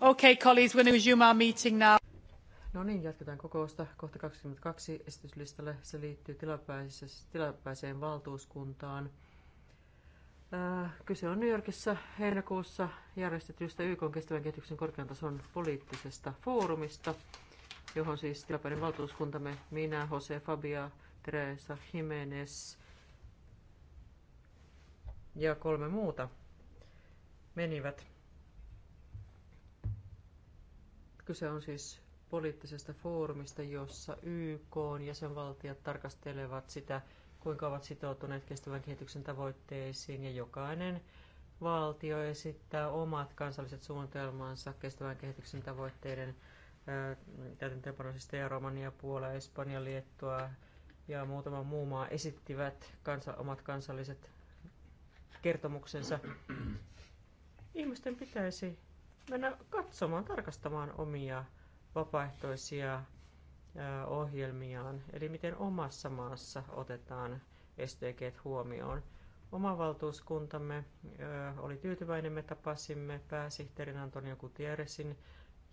Okay, colleagues, we're going to resume our meeting now. No niin, jatketaan kokousta. Kohta 22 esityslistalle. Se liittyy tilapäiseen valtuuskuntaan. Äh, kyse on New Yorkissa heinäkuussa järjestetystä YK kestävän kehityksen korkean tason poliittisesta foorumista, johon siis tilapäinen valtuuskuntamme minä, Jose Fabia, Teresa Jimenez ja kolme muuta menivät. Kyse on siis poliittisesta foorumista, jossa YK jäsenvaltiot tarkastelevat sitä, kuinka ovat sitoutuneet kestävän kehityksen tavoitteisiin ja jokainen valtio esittää omat kansalliset suunnitelmansa kestävän kehityksen tavoitteiden täytäntöönpanoisista ja Romania, Puola, Espanja, Liettua ja muutama muu maa esittivät kansa, omat kansalliset kertomuksensa. Ihmisten pitäisi mennä katsomaan, tarkastamaan omia vapaaehtoisia ohjelmiaan, eli miten omassa maassa otetaan STG huomioon. Oma valtuuskuntamme oli tyytyväinen, me tapasimme pääsihteerin Antonio Gutierrezin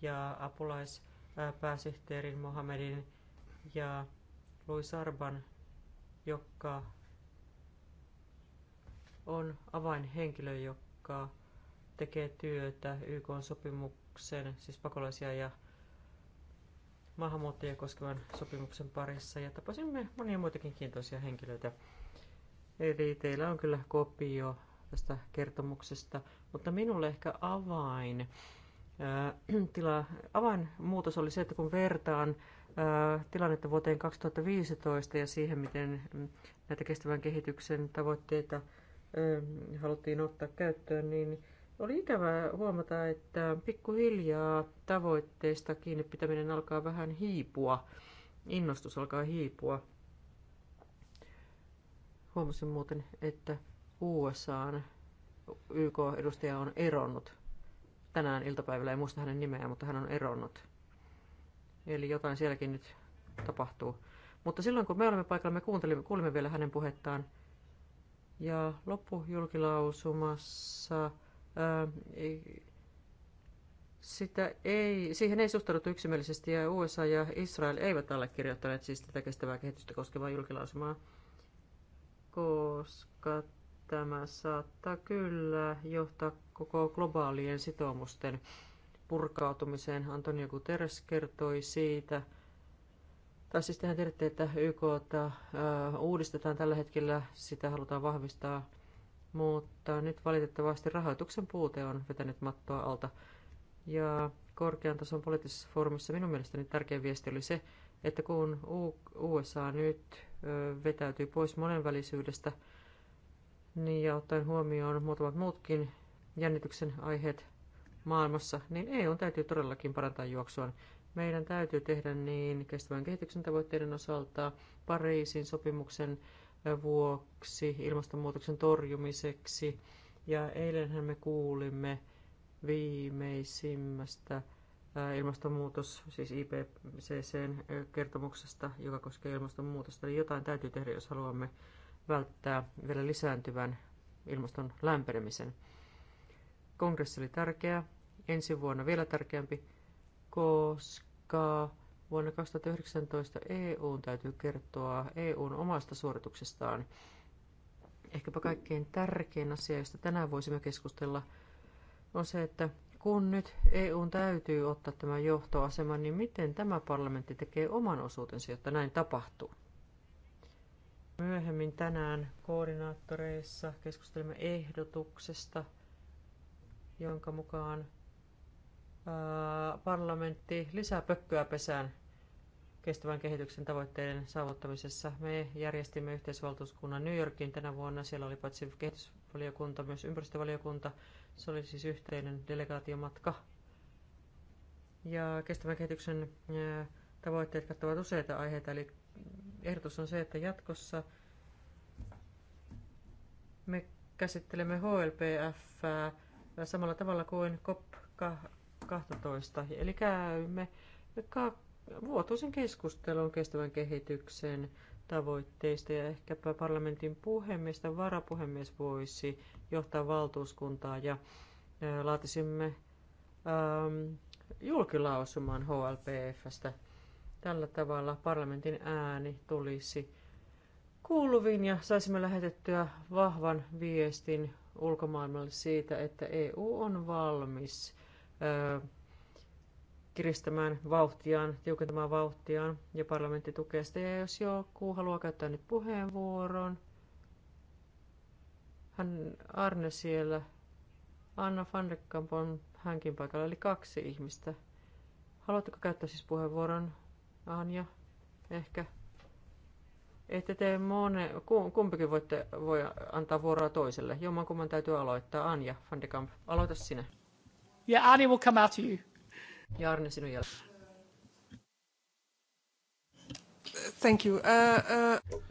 ja apulaispääsihteerin Mohamedin ja Louis Arban, joka on avainhenkilö, joka tekee työtä YK-sopimuksen, siis pakolaisia ja maahanmuuttajia koskevan sopimuksen parissa ja tapasimme monia muitakin kiintoisia henkilöitä. Eli teillä on kyllä kopio tästä kertomuksesta, mutta minulle ehkä avain, äh, tila, avain muutos oli se, että kun vertaan ää, äh, tilannetta vuoteen 2015 ja siihen, miten mm, näitä kestävän kehityksen tavoitteita ää, ähm, haluttiin ottaa käyttöön, niin oli ikävää huomata, että pikkuhiljaa tavoitteista kiinni pitäminen alkaa vähän hiipua. Innostus alkaa hiipua. Huomasin muuten, että USAn YK-edustaja on eronnut. Tänään iltapäivällä En muista hänen nimeään, mutta hän on eronnut. Eli jotain sielläkin nyt tapahtuu. Mutta silloin kun me olemme paikalla, me kuuntelimme, kuulimme vielä hänen puhettaan. Ja loppujulkilausumassa sitä ei, siihen ei suhtauduttu yksimielisesti ja USA ja Israel eivät allekirjoittaneet siis tätä kestävää kehitystä koskevaa julkilausumaa, koska tämä saattaa kyllä johtaa koko globaalien sitoumusten purkautumiseen. Antonio Guterres kertoi siitä, tai siis tehän tiedätte, että YK uudistetaan tällä hetkellä, sitä halutaan vahvistaa mutta nyt valitettavasti rahoituksen puute on vetänyt mattoa alta. Ja korkean tason poliittisessa foorumissa minun mielestäni tärkeä viesti oli se, että kun USA nyt vetäytyy pois monenvälisyydestä niin ja ottaen huomioon muutamat muutkin jännityksen aiheet maailmassa, niin EU täytyy todellakin parantaa juoksuaan. Meidän täytyy tehdä niin kestävän kehityksen tavoitteiden osalta, Pariisin sopimuksen vuoksi ilmastonmuutoksen torjumiseksi. Ja eilenhän me kuulimme viimeisimmästä ilmastonmuutos, siis IPCCn kertomuksesta, joka koskee ilmastonmuutosta. Eli jotain täytyy tehdä, jos haluamme välttää vielä lisääntyvän ilmaston lämpenemisen. Kongressi oli tärkeä, ensi vuonna vielä tärkeämpi, koska Vuonna 2019 EUn täytyy kertoa EUn omasta suorituksestaan. Ehkäpä kaikkein tärkein asia, josta tänään voisimme keskustella, on se, että kun nyt EUn täytyy ottaa tämä johtoasema, niin miten tämä parlamentti tekee oman osuutensa, jotta näin tapahtuu? Myöhemmin tänään koordinaattoreissa keskustelemme ehdotuksesta, jonka mukaan parlamentti lisää pökköä pesään kestävän kehityksen tavoitteiden saavuttamisessa. Me järjestimme yhteisvaltuuskunnan New Yorkiin tänä vuonna. Siellä oli paitsi kehitysvaliokunta, myös ympäristövaliokunta. Se oli siis yhteinen delegaatiomatka. Ja kestävän kehityksen tavoitteet kattavat useita aiheita, eli ehdotus on se, että jatkossa me käsittelemme HLPF samalla tavalla kuin COP 12. Eli käymme vuotuisen keskustelun kestävän kehityksen tavoitteista ja ehkäpä parlamentin puhemies tai varapuhemies voisi johtaa valtuuskuntaa ja laatisimme ähm, julkilausuman HLPFstä. Tällä tavalla parlamentin ääni tulisi kuuluviin ja saisimme lähetettyä vahvan viestin ulkomaailmalle siitä, että EU on valmis kiristämään vauhtiaan, tiukentamaan vauhtiaan, ja parlamentti tukee sitä. Ja jos joku haluaa käyttää nyt puheenvuoron, hän Arne siellä, Anna van de Kamp on hänkin paikalla, eli kaksi ihmistä. Haluatteko käyttää siis puheenvuoron, Anja? Ehkä. Ette te mone, kumpikin voitte, voi antaa vuoroa toiselle. Jomankumman täytyy aloittaa. Anja van de Kamp, aloita sinä. Yeah, Annie will come after you. Ja sinun jälkeen. Thank you. Uh, uh...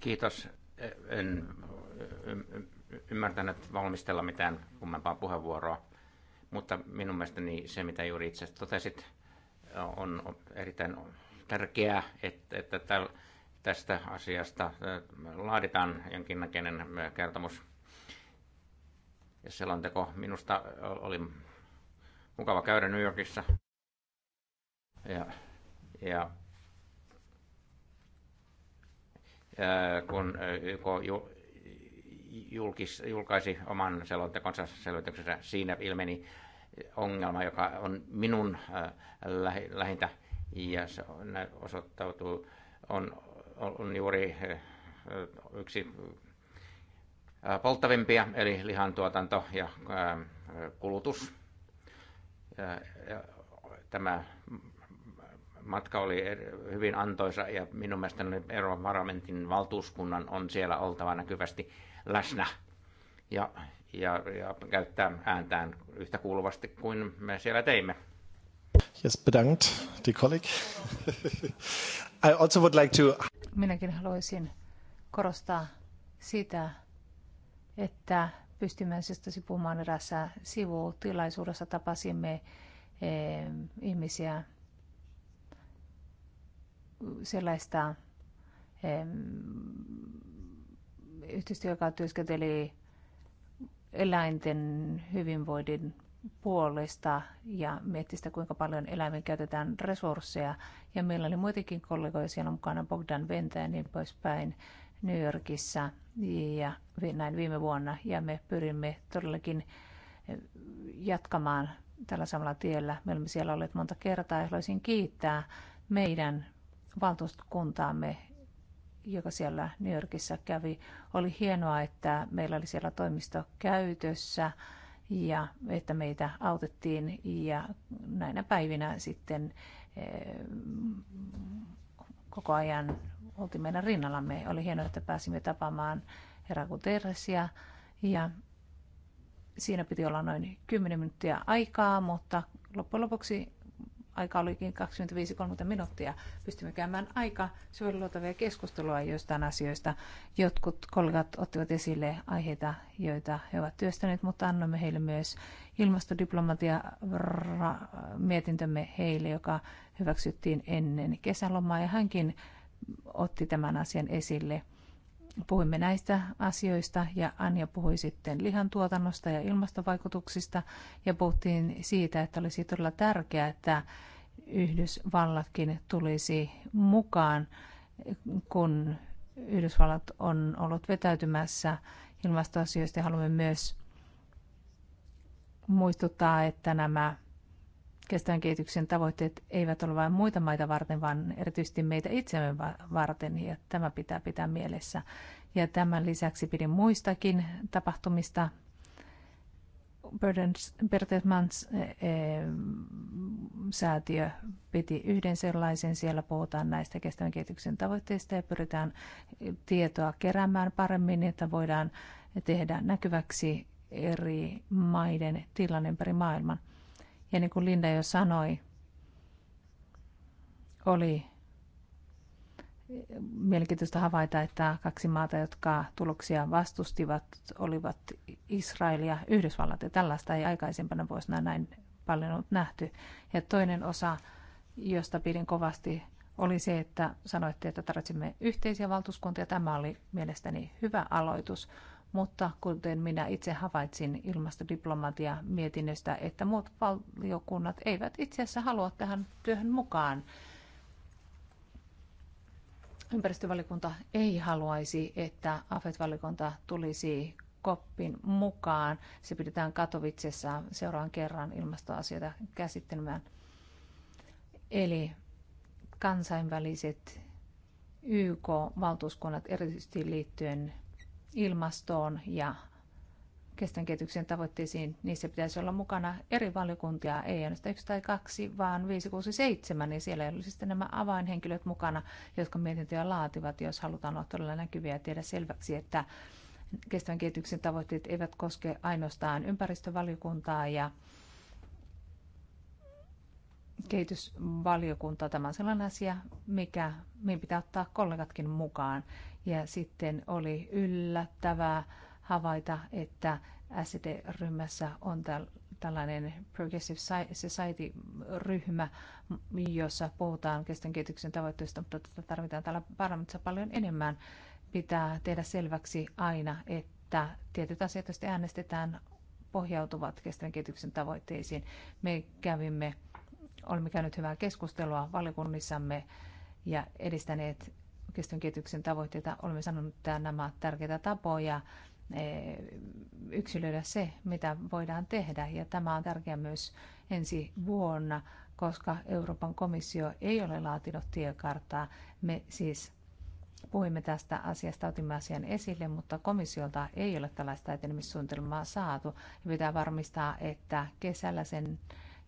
Kiitos. E, en ymmärtänyt valmistella mitään kummempaa puheenvuoroa, mutta minun mielestäni se, mitä juuri itse totesit, on erittäin tärkeää, että, että täl, tästä asiasta laaditaan jonkinnäköinen kertomus ja selonteko. Minusta oli mukava käydä New Yorkissa. Ja, ja kun eh, YK julkis, julkaisi oman selontekonsa selvityksensä, siinä ilmeni ongelma, joka on minun eh, lähintä ja se on, osoittautuu, on, on juuri eh, yksi polttavimpia, eli lihantuotanto ja kulutus. Tämä matka oli hyvin antoisa ja minun mielestäni Euroopan parlamentin valtuuskunnan on siellä oltava näkyvästi läsnä ja, ja, ja käyttää ääntään yhtä kuuluvasti kuin me siellä teimme. Yes, bedankt, die colleague. I also would like to... Minäkin haluaisin korostaa sitä, että pystymäisestäsi puhumaan erässä sivutilaisuudessa. Tapasimme eh, ihmisiä sellaista eh, yhteistyö, joka työskenteli eläinten hyvinvoinnin puolesta ja mietti sitä, kuinka paljon eläimiin käytetään resursseja. Ja meillä oli muitakin kollegoja siellä mukana, Bogdan Ventä ja niin poispäin. New Yorkissa ja näin viime vuonna. Ja me pyrimme todellakin eh, jatkamaan tällä samalla tiellä. Me olemme siellä olleet monta kertaa ja haluaisin kiittää meidän valtuuskuntaamme, joka siellä New Yorkissa kävi. Oli hienoa, että meillä oli siellä toimisto käytössä ja että meitä autettiin ja näinä päivinä sitten eh, koko ajan oltiin meidän rinnallamme. Oli hienoa, että pääsimme tapaamaan herra Guterresia ja siinä piti olla noin 10 minuuttia aikaa, mutta loppujen lopuksi aika olikin 25-30 minuuttia. Pystymme käymään aika syvälluotavia keskustelua joistain asioista. Jotkut kollegat ottivat esille aiheita, joita he ovat työstäneet, mutta annamme heille myös ilmastodiplomatia mietintömme heille, joka hyväksyttiin ennen kesälomaa. Ja hänkin otti tämän asian esille – Puhuimme näistä asioista ja Anja puhui sitten lihantuotannosta ja ilmastovaikutuksista ja puhuttiin siitä, että olisi todella tärkeää, että Yhdysvallatkin tulisi mukaan, kun Yhdysvallat on ollut vetäytymässä ilmastoasioista ja haluamme myös muistuttaa, että nämä kestävän kehityksen tavoitteet eivät ole vain muita maita varten, vaan erityisesti meitä itsemme varten, ja tämä pitää pitää mielessä. Ja tämän lisäksi pidin muistakin tapahtumista. Bertelsmanns e, e, säätiö piti yhden sellaisen. Siellä puhutaan näistä kestävän kehityksen tavoitteista ja pyritään tietoa keräämään paremmin, että voidaan tehdä näkyväksi eri maiden tilanne ympäri maailman. Ja niin kuin Linda jo sanoi, oli mielenkiintoista havaita, että kaksi maata, jotka tuloksia vastustivat, olivat Israel ja Yhdysvallat. Ja tällaista ei aikaisempana vuosina näin paljon ollut nähty. Ja toinen osa, josta pidin kovasti, oli se, että sanoitte, että tarvitsimme yhteisiä valtuuskuntia. Tämä oli mielestäni hyvä aloitus, mutta kuten minä itse havaitsin ilmastodiplomatia mietinnöstä, että muut valiokunnat eivät itse asiassa halua tähän työhön mukaan. Ympäristövaliokunta ei haluaisi, että AFET-valiokunta tulisi koppin mukaan. Se pidetään Katovitsessa seuraavan kerran ilmastoasioita käsittelemään. Eli kansainväliset YK-valtuuskunnat erityisesti liittyen ilmastoon ja kestävän kehityksen tavoitteisiin, niissä pitäisi olla mukana eri valiokuntia, ei ainoastaan yksi tai kaksi, vaan viisi, kuusi, seitsemän, niin siellä olisi sitten nämä avainhenkilöt mukana, jotka mietintöjä laativat, jos halutaan olla todella näkyviä ja tiedä selväksi, että kestävän kehityksen tavoitteet eivät koske ainoastaan ympäristövaliokuntaa ja kehitysvaliokuntaa. Tämä on sellainen asia, mikä, mihin pitää ottaa kollegatkin mukaan. Ja sitten oli yllättävää havaita, että SD-ryhmässä on tällainen Progressive Society-ryhmä, jossa puhutaan kestävän kehityksen tavoitteista, mutta tätä tarvitaan täällä parlamentissa paljon enemmän. Pitää tehdä selväksi aina, että tietyt asiat, joista äänestetään, pohjautuvat kestävän kehityksen tavoitteisiin. Me kävimme, olemme käyneet hyvää keskustelua valiokunnissamme ja edistäneet kestävän kehityksen tavoitteita. Olemme sanoneet, että nämä ovat tärkeitä tapoja eh, yksilöidä se, mitä voidaan tehdä. Ja tämä on tärkeää myös ensi vuonna, koska Euroopan komissio ei ole laatinut tiekarttaa. Me siis puhuimme tästä asiasta, otimme asian esille, mutta komissiolta ei ole tällaista etenemissuunnitelmaa saatu. Ja pitää varmistaa, että kesällä sen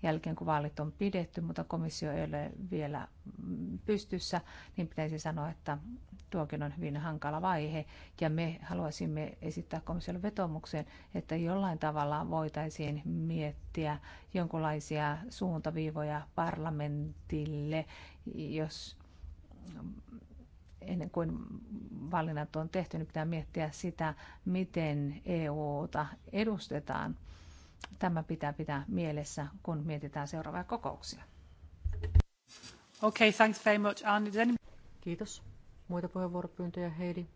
jälkeen, kun vaalit on pidetty, mutta komissio ei ole vielä pystyssä, niin pitäisi sanoa, että tuokin on hyvin hankala vaihe. Ja me haluaisimme esittää komissiolle vetomuksen, että jollain tavalla voitaisiin miettiä jonkinlaisia suuntaviivoja parlamentille, jos ennen kuin valinnat on tehty, niin pitää miettiä sitä, miten EUta edustetaan – Tämä pitää pitää mielessä, kun mietitään seuraavia kokouksia. Okay, thanks very much, Anne. Any... Kiitos. Muita puheenvuoropyyntöjä, Heidi?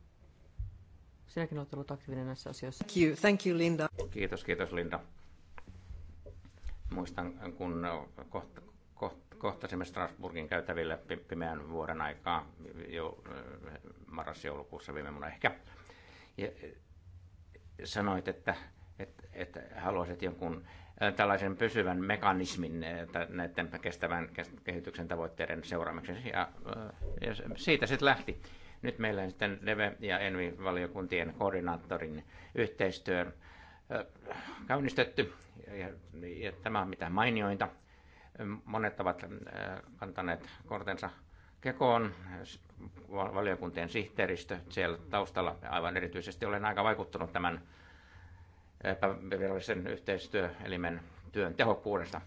Sinäkin olet ollut aktiivinen näissä asioissa. Thank you, thank you Linda. Kiitos, kiitos Linda. Muistan, kun kohta, kohtasimme Strasburgin käytäville pimeän vuoden aikaa, jo eh, marras-joulukuussa viime vuonna ehkä, ja eh, sanoit, että että, et haluaisit jonkun äh, tällaisen pysyvän mekanismin äh, näiden kestävän kehityksen tavoitteiden seuraamiseksi. Ja, äh, ja siitä sitten lähti. Nyt meillä on sitten neve ja Envi-valiokuntien koordinaattorin yhteistyö käynnistetty, ja, ja tämä on mitä mainiointa. Monet ovat kantaneet kortensa kekoon, valiokuntien sihteeristö siellä taustalla. Aivan erityisesti olen aika vaikuttunut tämän epävirallisen yhteistyöelimen työn tehokkuudesta.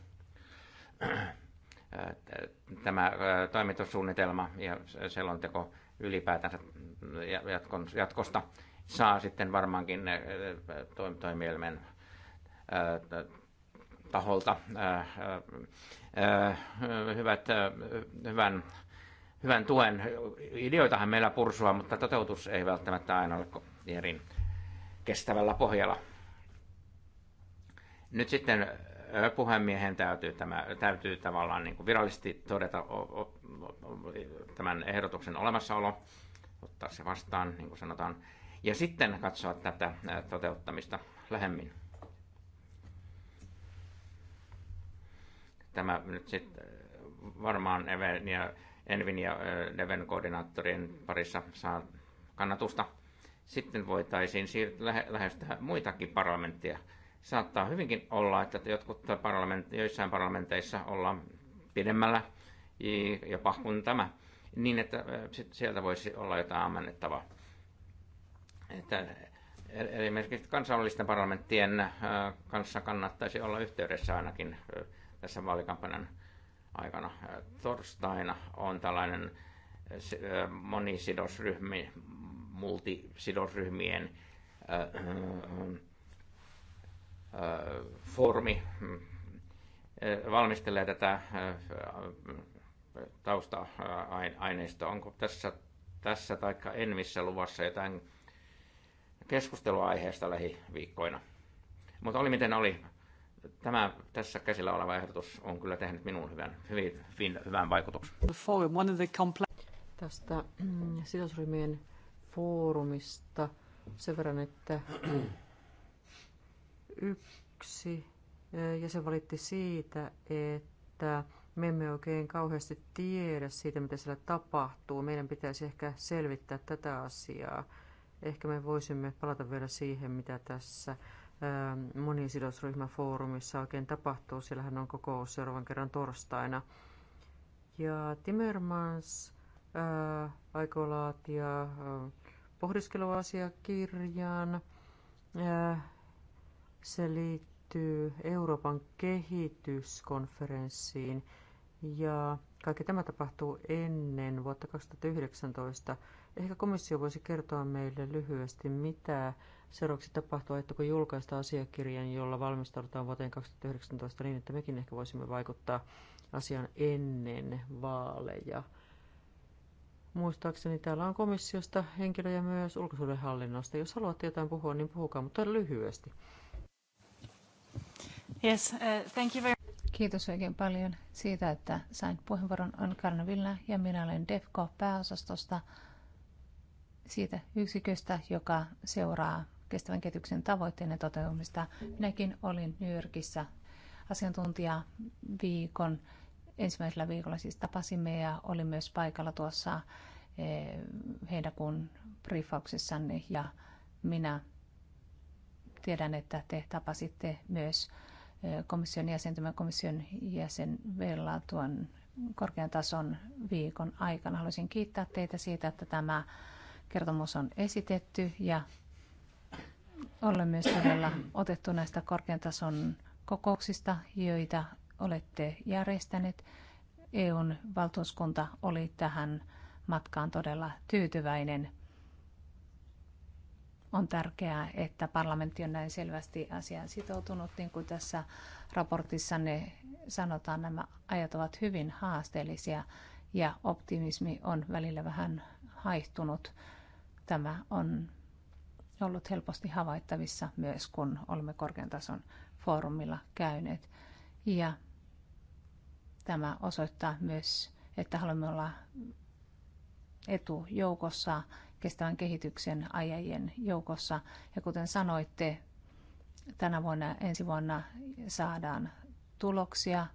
Tämä äh, toimitussuunnitelma ja selonteko ylipäätänsä jatkosta saa sitten varmaankin äh, toimielimen äh, taholta hyvät, hyvän, hyvän tuen. Ideoitahan meillä pursua, mutta toteutus ei välttämättä aina ole järin kestävällä pohjalla. Nyt sitten puhemiehen täytyy, tämä, täytyy tavallaan niin kuin virallisesti todeta o, o, o, tämän ehdotuksen olemassaolo, ottaa se vastaan, niin kuin sanotaan, ja sitten katsoa tätä toteuttamista lähemmin. Tämä nyt sitten varmaan Even ja Envin ja Deven koordinaattorien parissa saa kannatusta. Sitten voitaisiin siirtyä, lähestyä muitakin parlamenttia Saattaa hyvinkin olla, että jotkut parlament, joissain parlamenteissa ollaan pidemmällä jopa kuin tämä, niin että sieltä voisi olla jotain ammennettavaa. Että e-, Eli esimerkiksi kansallisten parlamenttien kanssa kannattaisi olla yhteydessä ainakin tässä vaalikampanjan aikana. Torstaina on tällainen monisidosryhmi, multisidosryhmien foorumi mm, eh, valmistelee tätä eh, tausta-aineistoa. Onko tässä, tässä tai Envissä luvassa jotain keskusteluaiheesta aiheesta lähiviikkoina? Mutta oli miten oli. Tämä tässä käsillä oleva ehdotus on kyllä tehnyt minun hyvän, hyvin, hyvin, hyvän vaikutuksen. Tästä mm, sidosryhmien foorumista sen verran, että Yksi se valitti siitä, että me emme oikein kauheasti tiedä siitä, mitä siellä tapahtuu. Meidän pitäisi ehkä selvittää tätä asiaa. Ehkä me voisimme palata vielä siihen, mitä tässä monisidosryhmäfoorumissa oikein tapahtuu. Siellähän on kokous seuraavan kerran torstaina. Ja Timmermans ää, aikoo laatia ää, pohdiskeluasiakirjan. Se liittyy Euroopan kehityskonferenssiin ja kaikki tämä tapahtuu ennen vuotta 2019. Ehkä komissio voisi kertoa meille lyhyesti, mitä seuraavaksi tapahtuu, että kun julkaista asiakirjan, jolla valmistaudutaan vuoteen 2019 niin, että mekin ehkä voisimme vaikuttaa asian ennen vaaleja. Muistaakseni täällä on komissiosta henkilöjä myös ulkosuudenhallinnosta. Jos haluatte jotain puhua, niin puhukaa, mutta lyhyesti. Yes, uh, thank you very... Kiitos oikein paljon siitä, että sain puheenvuoron. On Karna Villa ja minä olen DEFCO pääosastosta siitä yksiköstä, joka seuraa kestävän kehityksen tavoitteiden toteutumista. Minäkin olin New Yorkissa asiantuntija viikon ensimmäisellä viikolla siis tapasimme ja olin myös paikalla tuossa eh, heinäkuun briefauksessanne ja minä tiedän, että te tapasitte myös komission jäsen, tämän komission jäsen Vella tuon korkean tason viikon aikana. Haluaisin kiittää teitä siitä, että tämä kertomus on esitetty ja olen myös todella otettu näistä korkean tason kokouksista, joita olette järjestäneet. EUn valtuuskunta oli tähän matkaan todella tyytyväinen. On tärkeää, että parlamentti on näin selvästi asiaan sitoutunut, niin kuin tässä raportissanne sanotaan, nämä ajat ovat hyvin haasteellisia ja optimismi on välillä vähän haihtunut. Tämä on ollut helposti havaittavissa myös, kun olemme korkean tason foorumilla käyneet. Ja tämä osoittaa myös, että haluamme olla etujoukossa kestävän kehityksen ajajien joukossa. Ja kuten sanoitte, tänä vuonna, ensi vuonna saadaan tuloksia,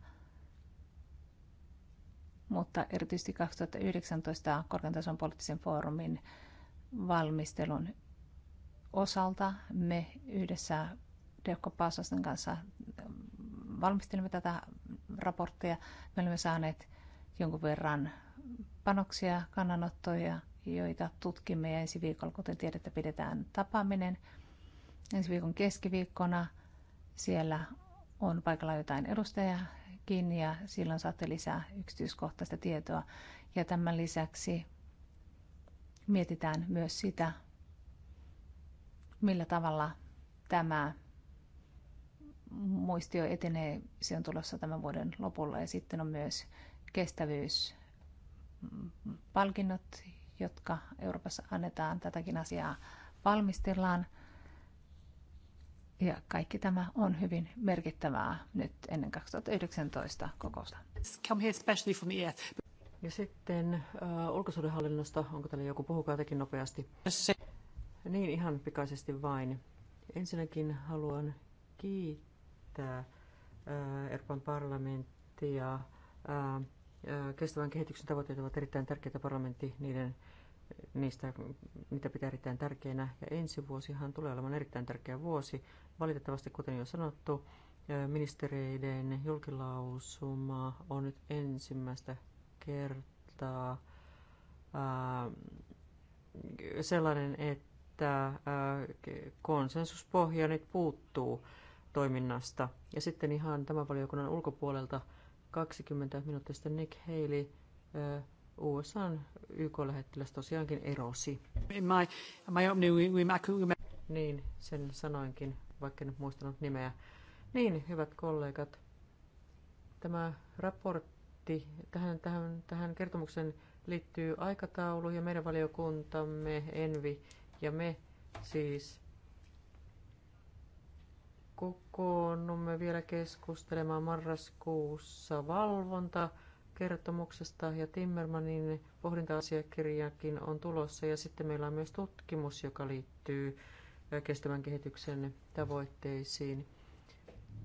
mutta erityisesti 2019 korkean tason poliittisen foorumin valmistelun osalta me yhdessä Deukko Paasosten kanssa valmistelimme tätä raporttia. Me olemme saaneet jonkun verran panoksia, kannanottoja joita tutkimme ja ensi viikolla, kuten tiedätte, pidetään tapaaminen ensi viikon keskiviikkona. Siellä on paikalla jotain edustajakin ja silloin saatte lisää yksityiskohtaista tietoa. Ja tämän lisäksi mietitään myös sitä, millä tavalla tämä muistio etenee. Se on tulossa tämän vuoden lopulla ja sitten on myös kestävyyspalkinnot, jotka Euroopassa annetaan. Tätäkin asiaa valmistellaan. Ja kaikki tämä on hyvin merkittävää nyt ennen 2019 kokousta. Come here especially for me. Ja sitten äh, ulkosuudenhallinnosta, onko täällä joku, puhukaa tekin nopeasti. Se. Niin, ihan pikaisesti vain. Ensinnäkin haluan kiittää äh, Euroopan parlamenttia äh, Kestävän kehityksen tavoitteet ovat erittäin tärkeitä parlamentti, niiden, niistä, niitä pitää erittäin tärkeinä. Ja ensi vuosihan tulee olemaan erittäin tärkeä vuosi. Valitettavasti, kuten jo sanottu, ministereiden julkilausuma on nyt ensimmäistä kertaa sellainen, että konsensuspohja nyt puuttuu toiminnasta. Ja sitten ihan tämän valiokunnan ulkopuolelta – 20 minuuttia sitten Nick Haley, USAn YK-lähettiläs, tosiaankin erosi. In my, my opening, we, we, Niin, sen sanoinkin, vaikka en nyt muistanut nimeä. Niin, hyvät kollegat, tämä raportti, tähän, tähän, tähän kertomuksen liittyy aikataulu ja meidän valiokuntamme, Envi ja me siis kokoonnumme vielä keskustelemaan marraskuussa valvonta kertomuksesta ja Timmermanin pohdinta-asiakirjakin on tulossa. Ja sitten meillä on myös tutkimus, joka liittyy kestävän kehityksen tavoitteisiin.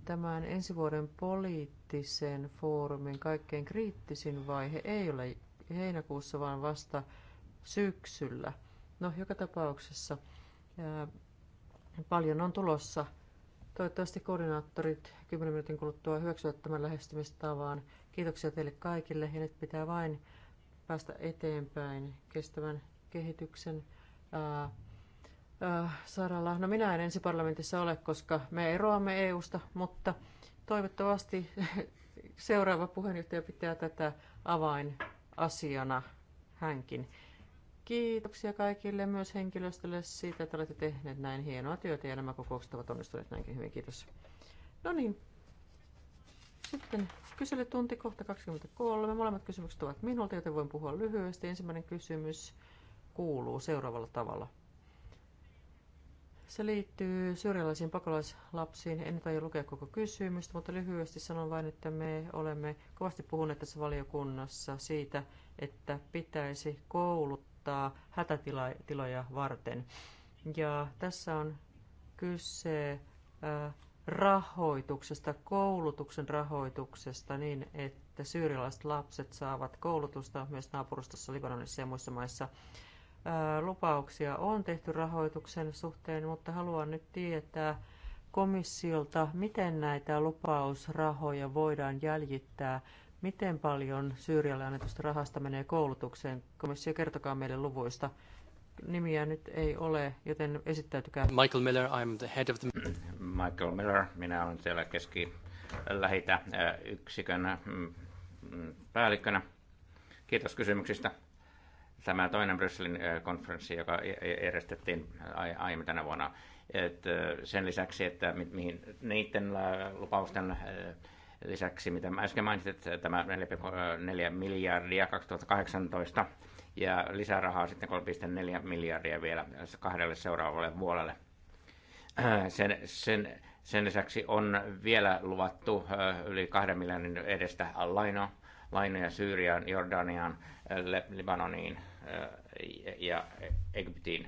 Tämän ensi vuoden poliittisen foorumin kaikkein kriittisin vaihe ei ole heinäkuussa, vaan vasta syksyllä. No, joka tapauksessa ää, paljon on tulossa – Toivottavasti koordinaattorit 10 minuutin kuluttua hyväksyvät tämän lähestymistavan. Kiitoksia teille kaikille ja nyt pitää vain päästä eteenpäin kestävän kehityksen ää, ää, saralla. No minä en ensi parlamentissa ole, koska me eroamme EUsta, mutta toivottavasti seuraava puheenjohtaja pitää tätä avainasiana hänkin. Kiitoksia kaikille, myös henkilöstölle siitä, että olette tehneet näin hienoa työtä ja nämä kokoukset ovat onnistuneet näinkin hyvin. Kiitos. No niin, sitten kyselytunti kohta 23. Molemmat kysymykset ovat minulta, joten voin puhua lyhyesti. Ensimmäinen kysymys kuuluu seuraavalla tavalla. Se liittyy syyrialaisiin pakolaislapsiin. En tai lukea koko kysymystä, mutta lyhyesti sanon vain, että me olemme kovasti puhuneet tässä valiokunnassa siitä, että pitäisi kouluttaa perustaa hätätiloja varten. Ja tässä on kyse rahoituksesta, koulutuksen rahoituksesta niin, että syyrialaiset lapset saavat koulutusta myös naapurustossa Libanonissa ja muissa maissa. Lupauksia on tehty rahoituksen suhteen, mutta haluan nyt tietää komissiolta, miten näitä lupausrahoja voidaan jäljittää Miten paljon Syyrialle annetusta rahasta menee koulutukseen? Komissio, kertokaa meille luvuista. Nimiä nyt ei ole, joten esittäytykää. Michael Miller, I'm the head of the... Michael Miller, minä olen siellä keski lähitä yksikön mm, mm, päällikkönä. Kiitos kysymyksistä. Tämä toinen Brysselin konferenssi, joka järjestettiin aiemmin tänä vuonna, että sen lisäksi, että mihin niiden lupausten lisäksi, mitä mä äsken mainitsit, tämä 4,4 miljardia 2018 ja lisärahaa sitten 3,4 miljardia vielä kahdelle seuraavalle vuodelle. Sen, sen, sen lisäksi on vielä luvattu yli kahden miljardin edestä lainoa, lainoja Syyriaan, Jordaniaan, Libanoniin ja Egyptiin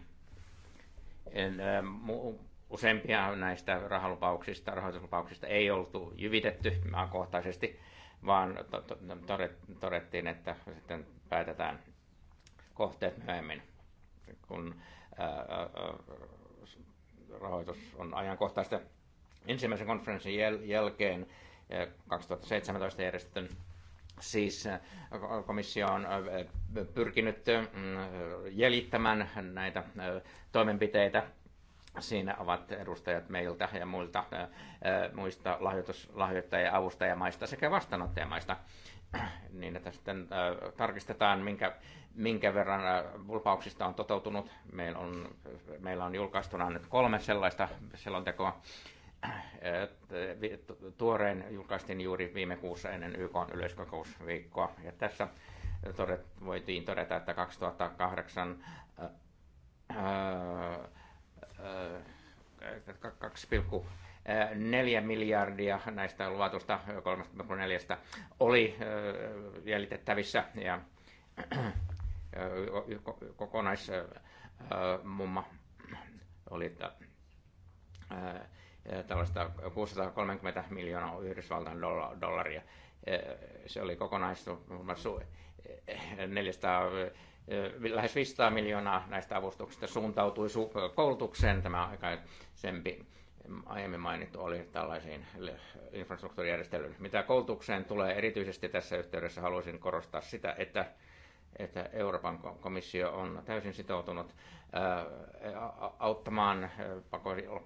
useimpia näistä rahalupauksista, rahoituslupauksista ei oltu jyvitetty maankohtaisesti, vaan todettiin, että sitten päätetään kohteet myöhemmin, kun rahoitus on ajankohtaista. Ensimmäisen konferenssin jäl- jälkeen 2017 järjestetyn siis komissio on pyrkinyt jäljittämään näitä toimenpiteitä Siinä ovat edustajat meiltä ja muilta, muista lahjoitus, lahjoittajia, avustajamaista sekä vastaanottajamaista niin että sitten tarkistetaan, minkä, minkä verran vulpauksista on toteutunut. Meillä on, meillä on julkaistuna nyt kolme sellaista selontekoa. Tuoreen julkaistiin juuri viime kuussa ennen YK yleiskokousviikkoa. Ja tässä todet, voitiin todeta, että 2008 ää, 2,4 miljardia näistä luvatusta 3,4 oli äh, jäljitettävissä ja äh, kokonaismumma äh, oli tällaista 630 miljoonaa Yhdysvaltain dollaria. Se oli kokonaisuus 400 lähes 500 miljoonaa näistä avustuksista suuntautui koulutukseen. Tämä aikaisempi aiemmin mainittu oli tällaisiin infrastruktuurijärjestelyihin. Mitä koulutukseen tulee, erityisesti tässä yhteydessä haluaisin korostaa sitä, että että Euroopan komissio on täysin sitoutunut auttamaan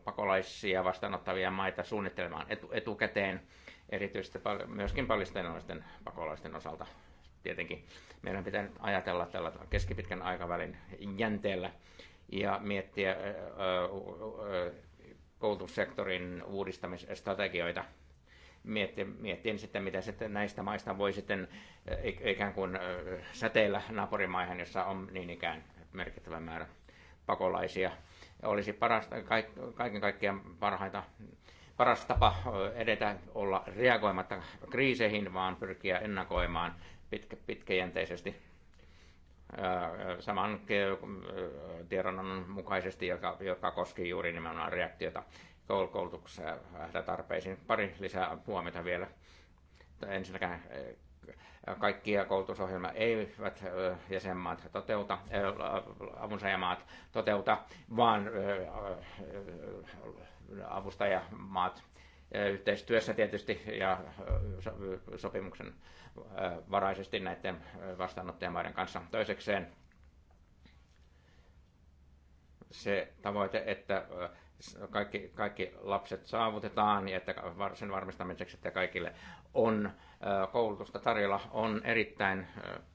pakolaisia vastaanottavia maita suunnittelemaan etukäteen, erityisesti myöskin palestinaisten pakolaisten osalta tietenkin meidän pitää nyt ajatella tällä keskipitkän aikavälin jänteellä ja miettiä koulutussektorin uudistamisstrategioita miettien, miettien sitten, mitä sitten näistä maista voi sitten e, ikään kuin säteillä naapurimaihin, jossa on niin ikään merkittävä määrä pakolaisia. Olisi parasta, kaiken kaikkiaan parhaita, paras tapa edetä olla reagoimatta kriiseihin, vaan pyrkiä ennakoimaan pitkä, pitkäjänteisesti saman tiedonannon mukaisesti, joka, joka koski juuri nimenomaan reaktiota koulutukseen tarpeisiin. Pari lisää huomiota vielä. Ensinnäkään kaikkia koulutusohjelmia eivät jäsenmaat toteuta, avunsaajamaat toteuta, vaan avustajamaat yhteistyössä tietysti ja sopimuksen varaisesti näiden vastaanottajamaiden kanssa. Toisekseen se tavoite, että kaikki, kaikki lapset saavutetaan ja että sen varmistamiseksi, että kaikille on koulutusta tarjolla, on erittäin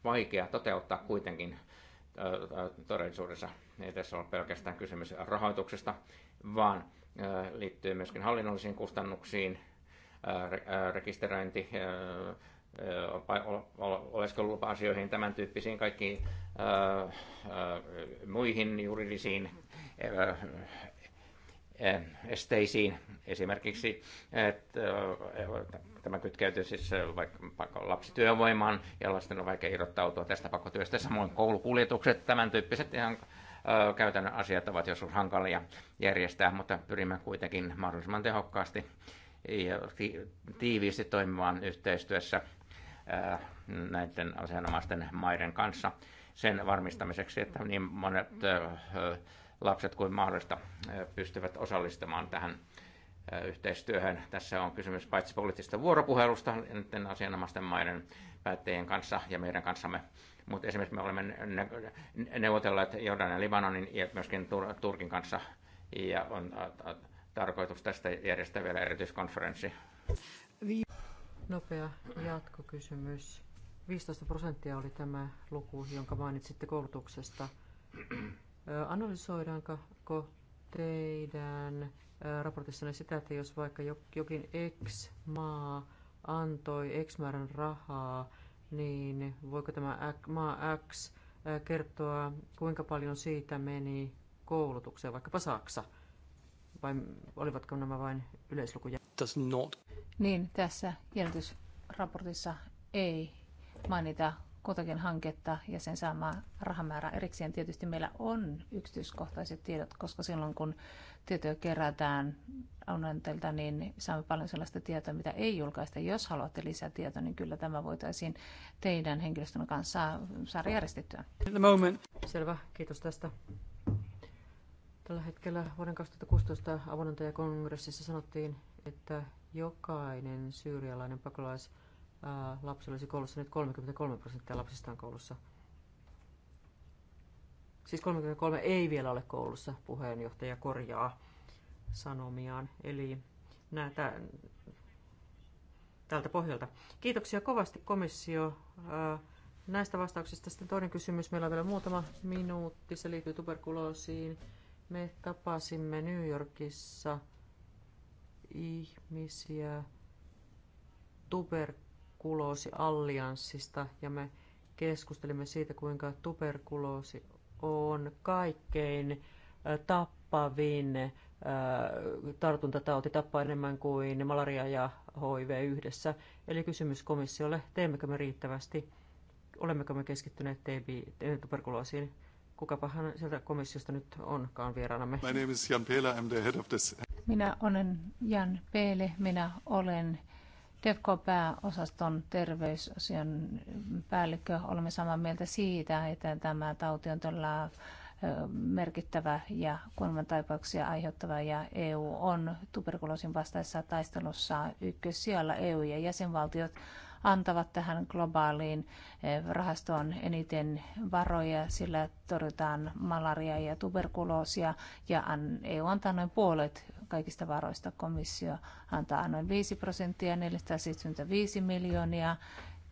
vaikea toteuttaa kuitenkin todellisuudessa. Ei tässä ole pelkästään kysymys rahoituksesta, vaan liittyy myöskin hallinnollisiin kustannuksiin, rekisteröinti, oleskelulupa-asioihin, tämän tyyppisiin kaikkiin muihin juridisiin esteisiin. Esimerkiksi että tämä kytkeytyy siis vaikka lapsityövoimaan ja lasten on vaikea irrottautua tästä pakotyöstä. Samoin koulukuljetukset, tämän tyyppiset ihan käytännön asiat ovat joskus hankalia järjestää, mutta pyrimme kuitenkin mahdollisimman tehokkaasti ja tiiviisti toimimaan yhteistyössä näiden asianomaisten maiden kanssa sen varmistamiseksi, että niin monet lapset kuin mahdollista pystyvät osallistumaan tähän yhteistyöhön. Tässä on kysymys paitsi poliittisesta vuoropuhelusta näiden asianomaisten maiden päättäjien kanssa ja meidän kanssamme, mutta esimerkiksi me olemme neuvotelleet Jordanin, Libanonin ja myöskin Turkin kanssa ja on tarkoitus tästä järjestää vielä erityiskonferenssi. Nopea jatkokysymys. 15 prosenttia oli tämä luku, jonka mainitsitte koulutuksesta. Analysoidaanko teidän raportissanne sitä, että jos vaikka jokin X-maa antoi X määrän rahaa, niin voiko tämä maa X kertoa, kuinka paljon siitä meni koulutukseen, vaikkapa Saksa? Vai olivatko nämä vain yleislukuja? Does not. Niin, tässä raportissa ei mainita kutakin hanketta ja sen saamaa rahamäärää erikseen. Tietysti meillä on yksityiskohtaiset tiedot, koska silloin kun tietoja kerätään onnantelta, niin saamme paljon sellaista tietoa, mitä ei julkaista. Jos haluatte lisää tietoa, niin kyllä tämä voitaisiin teidän henkilöstön kanssa saada järjestettyä. Selvä, kiitos tästä. Tällä hetkellä vuoden 2016 avunantajakongressissa sanottiin, että jokainen syyrialainen pakolais lapsi olisi koulussa. Nyt 33 prosenttia lapsista on koulussa. Siis 33 ei vielä ole koulussa, puheenjohtaja korjaa sanomiaan. Eli näitä, tältä pohjalta. Kiitoksia kovasti komissio näistä vastauksista. Sitten toinen kysymys, meillä on vielä muutama minuutti, se liittyy tuberkuloosiin. Me tapasimme New Yorkissa ihmisiä tuberkuloosiin tuberkuloosi allianssista ja me keskustelimme siitä, kuinka tuberkuloosi on kaikkein tappavin tartuntatauti, tappaa enemmän kuin malaria ja HIV yhdessä. Eli kysymys komissiolle, teemmekö me riittävästi, olemmeko me keskittyneet TB, tuberkuloosiin? Kukapahan sieltä komissiosta nyt onkaan vieraanamme? My name is Jan Pele, I'm the head of this. Minä olen Jan Peele, minä olen DEFCO-pääosaston terveysasian päällikkö, olemme samaa mieltä siitä, että tämä tauti on todella merkittävä ja kuolemantaipauksia aiheuttava ja EU on tuberkuloosin vastaisessa taistelussa ykkössijalla EU ja jäsenvaltiot antavat tähän globaaliin eh, rahastoon eniten varoja, sillä torjutaan malariaa ja tuberkuloosia ja EU antaa noin puolet kaikista varoista. Komissio antaa noin 5 prosenttia, 475 miljoonia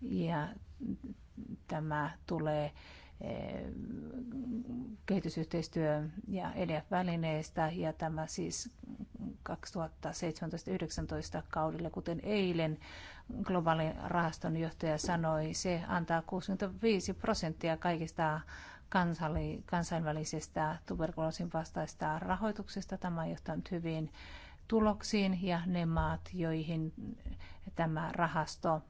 ja tämä tulee eh, kehitysyhteistyö- ja EDF-välineistä ja tämä siis 2017-2019 kaudelle, kuten eilen globaalin rahaston johtaja sanoi, se antaa 65 prosenttia kaikista kansali, kansainvälisestä tuberkuloosin vastaista rahoituksesta. Tämä on johtanut hyvin tuloksiin ja ne maat, joihin tämä rahasto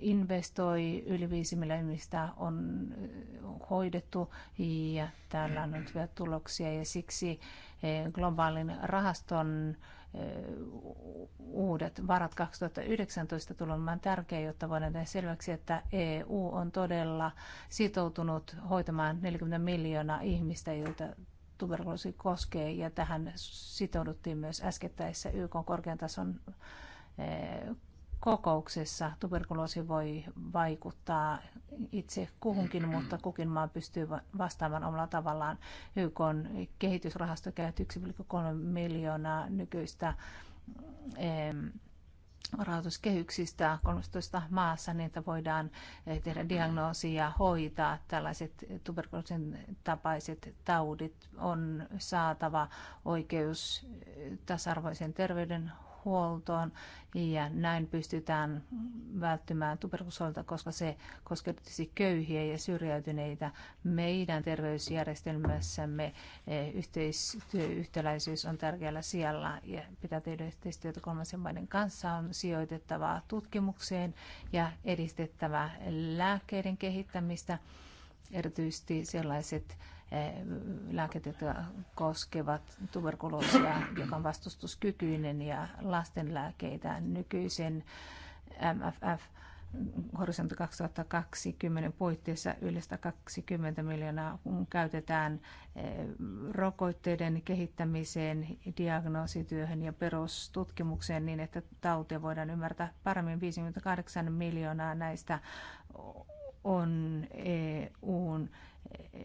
investoi yli viisi miljoonista on hoidettu ja täällä on nyt vielä tuloksia ja siksi eh, globaalin rahaston uudet varat 2019 tulemaan tärkeä, jotta voidaan tehdä selväksi, että EU on todella sitoutunut hoitamaan 40 miljoonaa ihmistä, joita tuberkuloosi koskee, ja tähän sitouduttiin myös äskettäisessä YK korkean tason kokouksessa. Tuberkuloosi voi vaikuttaa itse kuhunkin, mutta kukin maa pystyy vastaamaan omalla tavallaan. YK on kehitysrahasto käytti 1,3 miljoonaa nykyistä rahoituskehyksistä 13 maassa, niin että voidaan eh, tehdä diagnoosi ja hoitaa tällaiset tuberkuloosin tapaiset taudit. On saatava oikeus eh, tasa-arvoisen terveyden huoltoon ja näin pystytään välttymään tuberkuloisilta, koska se koskettisi köyhiä ja syrjäytyneitä. Meidän terveysjärjestelmässämme eh, yhteistyöyhtäläisyys on tärkeällä siellä ja pitää tehdä yhteistyötä kolmansien maiden kanssa on sijoitettava tutkimukseen ja edistettävä lääkkeiden kehittämistä, erityisesti sellaiset Eh, lääketietoa koskevat tuberkuloosia, joka on vastustuskykyinen, ja lastenlääkeitä Nykyisen MFF Horisontti 2020 puitteissa yli 120 miljoonaa käytetään eh, rokotteiden kehittämiseen, diagnoosityöhön ja perustutkimukseen niin, että tautia voidaan ymmärtää paremmin. 58 miljoonaa näistä on EUn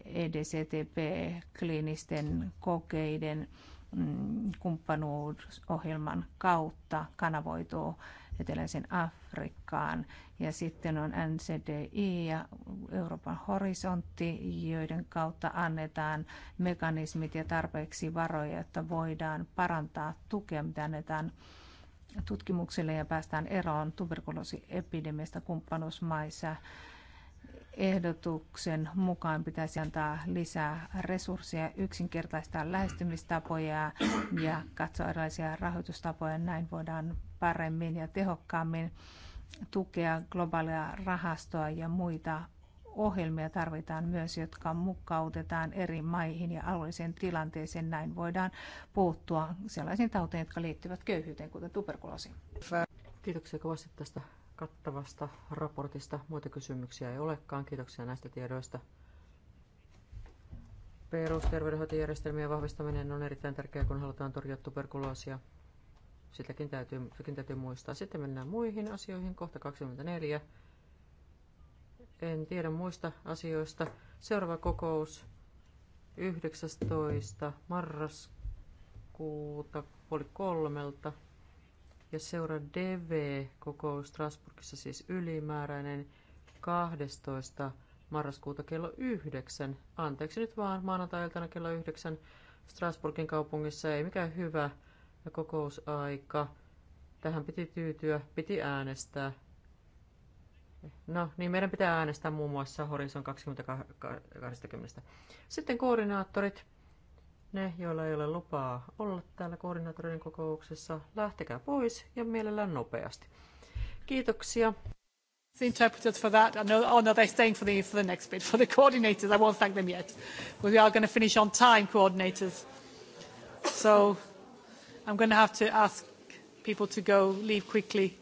EDCTP-kliinisten kokeiden mm, kumppanuusohjelman kautta kanavoituu eteläisen Afrikkaan. Ja sitten on NCDI ja Euroopan horisontti, joiden kautta annetaan mekanismit ja tarpeeksi varoja, että voidaan parantaa tukea, mitä annetaan tutkimukselle ja päästään eroon tuberkuloosiepidemiasta kumppanuusmaissa ehdotuksen mukaan pitäisi antaa lisää resursseja, yksinkertaistaa lähestymistapoja ja katsoa erilaisia rahoitustapoja. Näin voidaan paremmin ja tehokkaammin tukea globaalia rahastoa ja muita ohjelmia tarvitaan myös, jotka mukautetaan eri maihin ja alueelliseen tilanteeseen. Näin voidaan puuttua sellaisiin tauteihin, jotka liittyvät köyhyyteen, kuten tuberkuloosiin. Kiitoksia kovasti tästä kattavasta raportista. Muita kysymyksiä ei olekaan. Kiitoksia näistä tiedoista. Perusterveydenhoitojärjestelmien vahvistaminen on erittäin tärkeää, kun halutaan torjua tuberkuloosia. Sitäkin täytyy, sitäkin täytyy muistaa. Sitten mennään muihin asioihin. Kohta 24. En tiedä muista asioista. Seuraava kokous 19. marraskuuta puoli kolmelta ja seura DV-kokous Strasbourgissa siis ylimääräinen 12. marraskuuta kello 9. Anteeksi nyt vaan maanantai-iltana kello 9 Strasbourgin kaupungissa ei mikään hyvä kokousaika. Tähän piti tyytyä, piti äänestää. No niin, meidän pitää äänestää muun muassa Horizon 2020. Sitten koordinaattorit. Ne, joilla ei ole lupaa olla täällä koordinaattorin kokouksessa, lähtekää pois ja mielellään nopeasti. Kiitoksia. The interpreters for that. I know, oh no, they're staying for the, for the next bit. For the coordinators, I won't thank them yet. But we are going to finish on time, coordinators. So I'm going to have to ask people to go, leave quickly.